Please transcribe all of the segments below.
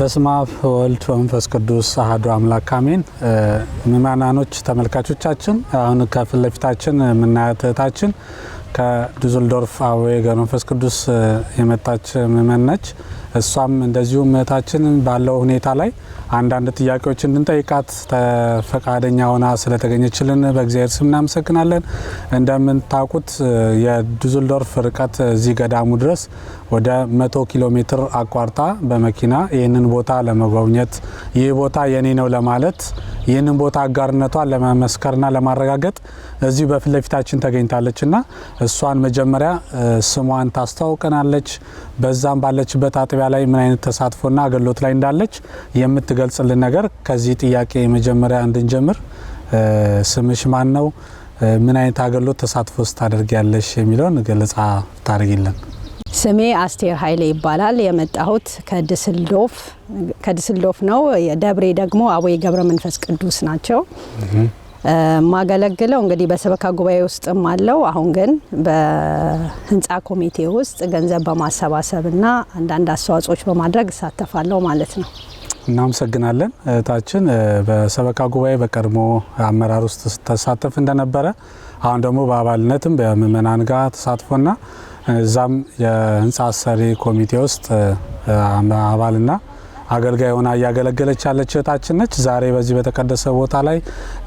በስመ አብ ወልድ ወመንፈስ ቅዱስ አሐዱ አምላክ አሜን። ምእመናኖች ተመልካቾቻችን፣ አሁን ከፊት ለፊታችን የምናያት እህታችን ከዱስልዶርፍ አቡነ ገብረ መንፈስ ቅዱስ የመጣች ምእመን ነች። እሷም እንደዚሁም እህታችን ባለው ሁኔታ ላይ አንዳንድ ጥያቄዎች እንድንጠይቃት ፈቃደኛ ሆና ስለተገኘችልን በእግዚአብሔር ስም እናመሰግናለን። እንደምታውቁት የዱስልዶርፍ ርቀት እዚህ ገዳሙ ድረስ ወደ መቶ ኪሎ ሜትር አቋርጣ በመኪና ይህንን ቦታ ለመጎብኘት ይህ ቦታ የኔ ነው ለማለት ይህንን ቦታ አጋርነቷን ለመመስከርና ለማረጋገጥ እዚሁ በፊት ለፊታችን ተገኝታለች እና እሷን መጀመሪያ ስሟን ታስተዋውቀናለች። በዛም ባለችበት አጥ ገበያ ላይ ምን አይነት ተሳትፎና አገልግሎት ላይ እንዳለች የምትገልጽልን ነገር ከዚህ ጥያቄ መጀመሪያ እንድንጀምር ስምሽ ማን ነው? ምን አይነት አገልግሎት ተሳትፎ ስታደርግ ያለሽ የሚለውን ገለጻ ታደርጊልን። ስሜ አስቴር ኃይሌ ይባላል። የመጣሁት ከድስልዶፍ ከድስልዶፍ ነው። ደብሬ ደግሞ አቡነ ገብረ መንፈስ ቅዱስ ናቸው። ማገለግለው እንግዲህ በሰበካ ጉባኤ ውስጥም አለው። አሁን ግን በህንፃ ኮሚቴ ውስጥ ገንዘብ በማሰባሰብና አንዳንድ አስተዋጽኦች በማድረግ እሳተፋለሁ ማለት ነው። እናመሰግናለን እህታችን። በሰበካ ጉባኤ በቀድሞ አመራር ውስጥ ተሳተፍ እንደነበረ አሁን ደግሞ በአባልነትም በምእመናን ጋር ተሳትፎና እዛም የህንፃ አሰሪ ኮሚቴ ውስጥ አባልና አገልጋይ ሆና እያገለገለች ያለች እህታችን ነች። ዛሬ በዚህ በተቀደሰ ቦታ ላይ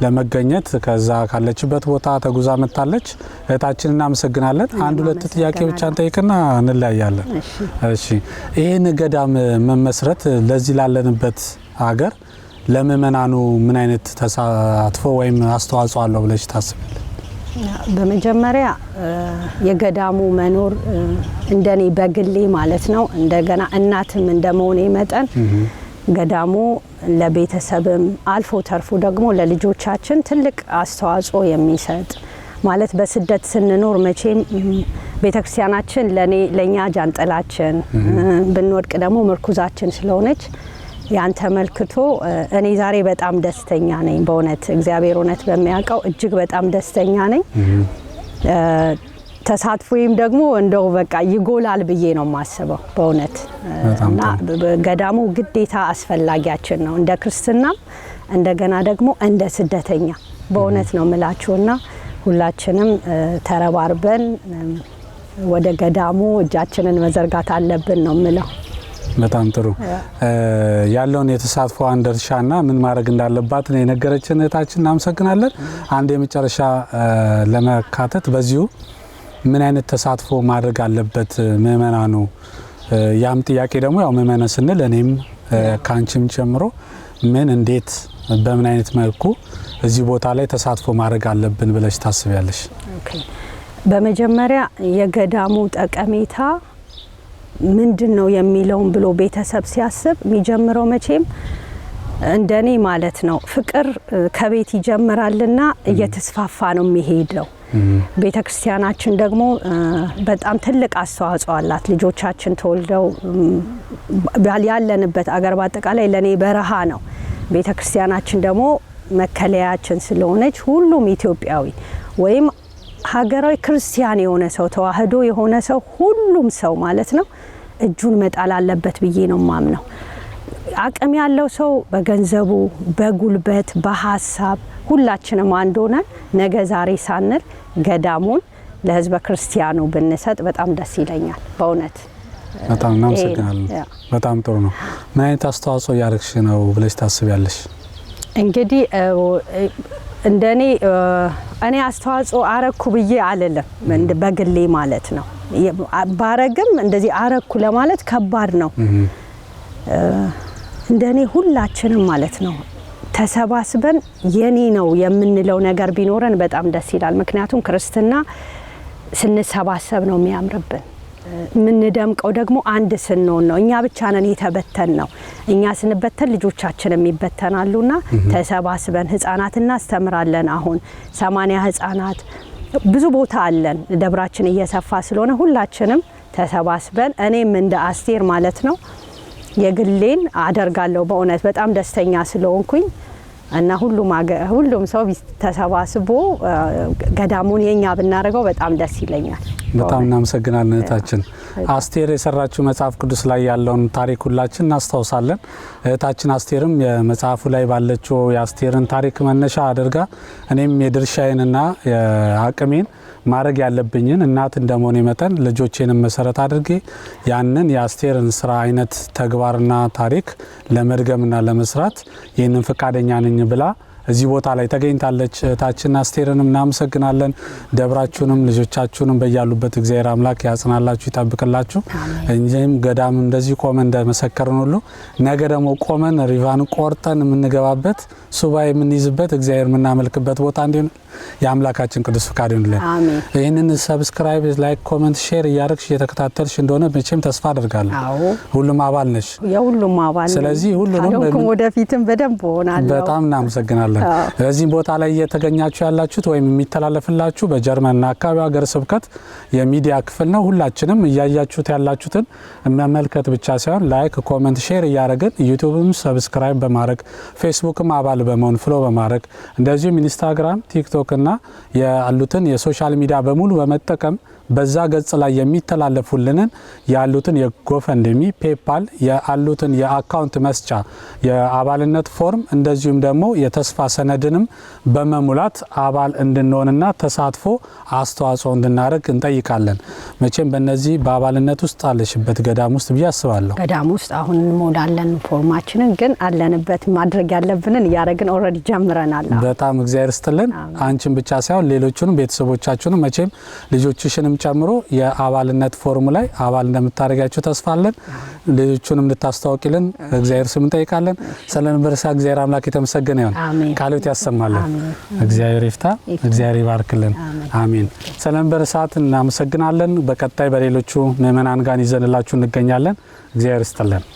ለመገኘት ከዛ ካለችበት ቦታ ተጉዛ መጥታለች። እህታችን እናመሰግናለን። አንድ ሁለት ጥያቄ ብቻ እንጠይቅና እንለያያለን። እሺ፣ ይህን ገዳም መመስረት ለዚህ ላለንበት አገር ለምእመናኑ ምን አይነት ተሳትፎ ወይም አስተዋጽኦ አለው ብለሽ ታስባለች? በመጀመሪያ የገዳሙ መኖር እንደኔ በግሌ ማለት ነው እንደገና እናትም እንደመሆኔ መጠን ገዳሙ ለቤተሰብም አልፎ ተርፎ ደግሞ ለልጆቻችን ትልቅ አስተዋጽኦ የሚሰጥ ማለት በስደት ስንኖር መቼም ቤተክርስቲያናችን ለእኛ ጃንጥላችን፣ ብንወድቅ ደግሞ ምርኩዛችን ስለሆነች ያን ተመልክቶ እኔ ዛሬ በጣም ደስተኛ ነኝ። በእውነት እግዚአብሔር እውነት በሚያውቀው እጅግ በጣም ደስተኛ ነኝ። ተሳትፎ ወይም ደግሞ እንደው በቃ ይጎላል ብዬ ነው የማስበው በእውነት እና ገዳሙ ግዴታ አስፈላጊያችን ነው እንደ ክርስትናም እንደገና ደግሞ እንደ ስደተኛ በእውነት ነው ምላችሁና ሁላችንም ተረባርበን ወደ ገዳሙ እጃችንን መዘርጋት አለብን ነው ምለው። በጣም ጥሩ ያለውን የተሳትፎ አንድ ና ምን ማድረግ እንዳለባት የነገረችን እህታችን እናመሰግናለን። አንድ የመጨረሻ ለመካተት በዚሁ ምን አይነት ተሳትፎ ማድረግ አለበት ምእመናኑ? ያም ጥያቄ ደግሞ ያው ምእመነ ስንል እኔም ከአንቺም ጨምሮ ምን እንዴት በምን አይነት መልኩ እዚህ ቦታ ላይ ተሳትፎ ማድረግ አለብን ብለሽ ታስቢያለሽ? በመጀመሪያ የገዳሙ ጠቀሜታ ምንድን ነው የሚለውን ብሎ ቤተሰብ ሲያስብ የሚጀምረው መቼም እንደኔ ማለት ነው ፍቅር ከቤት ይጀምራልና እየተስፋፋ ነው የሚሄደው። ቤተ ክርስቲያናችን ደግሞ በጣም ትልቅ አስተዋጽኦ አላት። ልጆቻችን ተወልደው ያለንበት አገር በአጠቃላይ ለእኔ በረሃ ነው። ቤተ ክርስቲያናችን ደግሞ መከለያችን ስለሆነች ሁሉም ኢትዮጵያዊ ወይም ሀገራዊ ክርስቲያን የሆነ ሰው ተዋህዶ የሆነ ሰው ሁሉም ሰው ማለት ነው እጁን መጣል አለበት ብዬ ነው ማምነው። አቅም ያለው ሰው በገንዘቡ፣ በጉልበት፣ በሀሳብ ሁላችንም አንድ ሆነን ነገ ዛሬ ሳንል ገዳሙን ለህዝበ ክርስቲያኑ ብንሰጥ በጣም ደስ ይለኛል በእውነት። በጣም እናመሰግናለን። በጣም ጥሩ ነው። ምን አይነት አስተዋጽኦ እያደረግሽ ነው ብለሽ ታስቢያለሽ? እንግዲህ እንደኔ እኔ አስተዋጽኦ አረኩ ብዬ አልልም። በግሌ ማለት ነው። ባረግም እንደዚህ አረኩ ለማለት ከባድ ነው። እንደኔ ሁላችንም ማለት ነው ተሰባስበን የኔ ነው የምንለው ነገር ቢኖረን በጣም ደስ ይላል። ምክንያቱም ክርስትና ስንሰባሰብ ነው የሚያምርብን። የምንደምቀው ደግሞ አንድ ስንሆን ነው። እኛ ብቻ ነን የተበተን ነው። እኛ ስንበተን ልጆቻችንም ይበተናሉና ተሰባስበን ህጻናት እናስተምራለን። አሁን ሰማንያ ህጻናት ብዙ ቦታ አለን። ደብራችን እየሰፋ ስለሆነ ሁላችንም ተሰባስበን እኔም እንደ አስቴር ማለት ነው የግሌን አደርጋለሁ። በእውነት በጣም ደስተኛ ስለሆንኩኝ እና ሁሉም ሁሉም ሰው ተሰባስቦ ገዳሙን የኛ ብናደርገው በጣም ደስ ይለኛል። በጣም እናመሰግናለን እህታችን። አስቴር የሰራችው መጽሐፍ ቅዱስ ላይ ያለውን ታሪክ ሁላችን እናስታውሳለን። እህታችን አስቴርም የመጽሐፉ ላይ ባለችው የአስቴርን ታሪክ መነሻ አድርጋ እኔም የድርሻዬንና አቅሜን ማድረግ ያለብኝን እናት እንደመሆኔ መጠን ልጆቼንም መሰረት አድርጌ ያንን የአስቴርን ስራ አይነት ተግባርና ታሪክ ለመድገምና ለመስራት ይህንን ፈቃደኛ ነኝ ብላ እዚህ ቦታ ላይ ተገኝታለች እህታችን አስቴርንም እናመሰግናለን። ደብራችሁንም ልጆቻችሁንም በያሉበት እግዚአብሔር አምላክ ያጽናላችሁ፣ ይጠብቅላችሁ። እኛም ገዳም እንደዚህ ቆመን እንደመሰከርን ሁሉ ነገ ደግሞ ቆመን ሪቫን ቆርጠን የምንገባበት ሱባ የምንይዝበት እግዚአብሔር የምናመልክበት ቦታ እንዲሆን የአምላካችን ቅዱስ ፍቃድ ይሆንልን። ይህንን ሰብስክራይብ፣ ላይክ፣ ኮመንት፣ ሼር እያደረግሽ እየተከታተልሽ እንደሆነ መቼም ተስፋ አድርጋለሁ። ሁሉም አባል ነሽ። የሁሉም አባል ስለዚህ ሁሉንም ወደፊትም በደንብ ሆናለሁ። በጣም እናመሰግናለን። እናመሰግናለን። እዚህም ቦታ ላይ እየተገኛችሁ ያላችሁት ወይም የሚተላለፍላችሁ በጀርመንና አካባቢው ሀገር ስብከት የሚዲያ ክፍል ነው። ሁላችንም እያያችሁት ያላችሁትን መመልከት ብቻ ሳይሆን ላይክ፣ ኮመንት፣ ሼር እያደረግን ዩቱብም ሰብስክራይብ በማድረግ ፌስቡክም አባል በመሆን ፍሎ በማድረግ እንደዚሁም ኢንስታግራም፣ ቲክቶክ እና ያሉትን የሶሻል ሚዲያ በሙሉ በመጠቀም በዛ ገጽ ላይ የሚተላለፉልንን ያሉትን የጎፈንድሚ ፔፓል ያሉትን የአካውንት መስጫ የአባልነት ፎርም እንደዚሁም ደግሞ የተስፋ ሰነድንም በመሙላት አባል እንድንሆንና ተሳትፎ አስተዋጽኦ እንድናደርግ እንጠይቃለን። መቼም በእነዚህ በአባልነት ውስጥ አለሽበት ገዳም ውስጥ ብዬ አስባለሁ። ገዳም ውስጥ አሁን እንሞላለን ፎርማችንን፣ ግን አለንበት ማድረግ ያለብንን እያደረግን ኦልሬዲ ጀምረናል። በጣም እግዚአብሔር ስትልን አንቺን ብቻ ሳይሆን ሌሎቹንም ቤተሰቦቻችሁንም መቼም ልጆችሽንም ጨምሮ የአባልነት ፎርሙ ላይ አባል እንደምታደርጋችሁ ተስፋ አለን። ልጆቹን እንድታስተዋውቂልን በእግዚአብሔር ስም እንጠይቃለን። ስለንበርሳ እግዚአብሔር አምላክ የተመሰገነ ይሁን። ቃሎት ያሰማለን። እግዚአብሔር ይፍታ። እግዚአብሔር ይባርክልን። አሜን። ስለንበርሳት እናመሰግናለን። በቀጣይ በሌሎቹ ምእመናን ጋር ይዘንላችሁ እንገኛለን። እግዚአብሔር ይስጥልን።